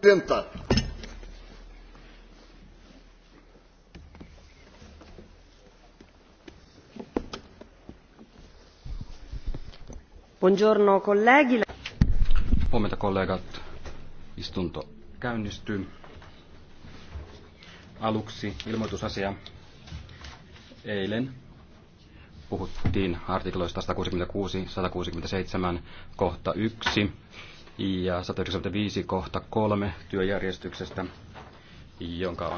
presidenta. Buongiorno colleghi. Huomenta kollegat. Istunto käynnistyy. Aluksi ilmoitusasia. Eilen puhuttiin artikloista 166, 167, kohta 1 ja 195 kohta 3 työjärjestyksestä, jonka on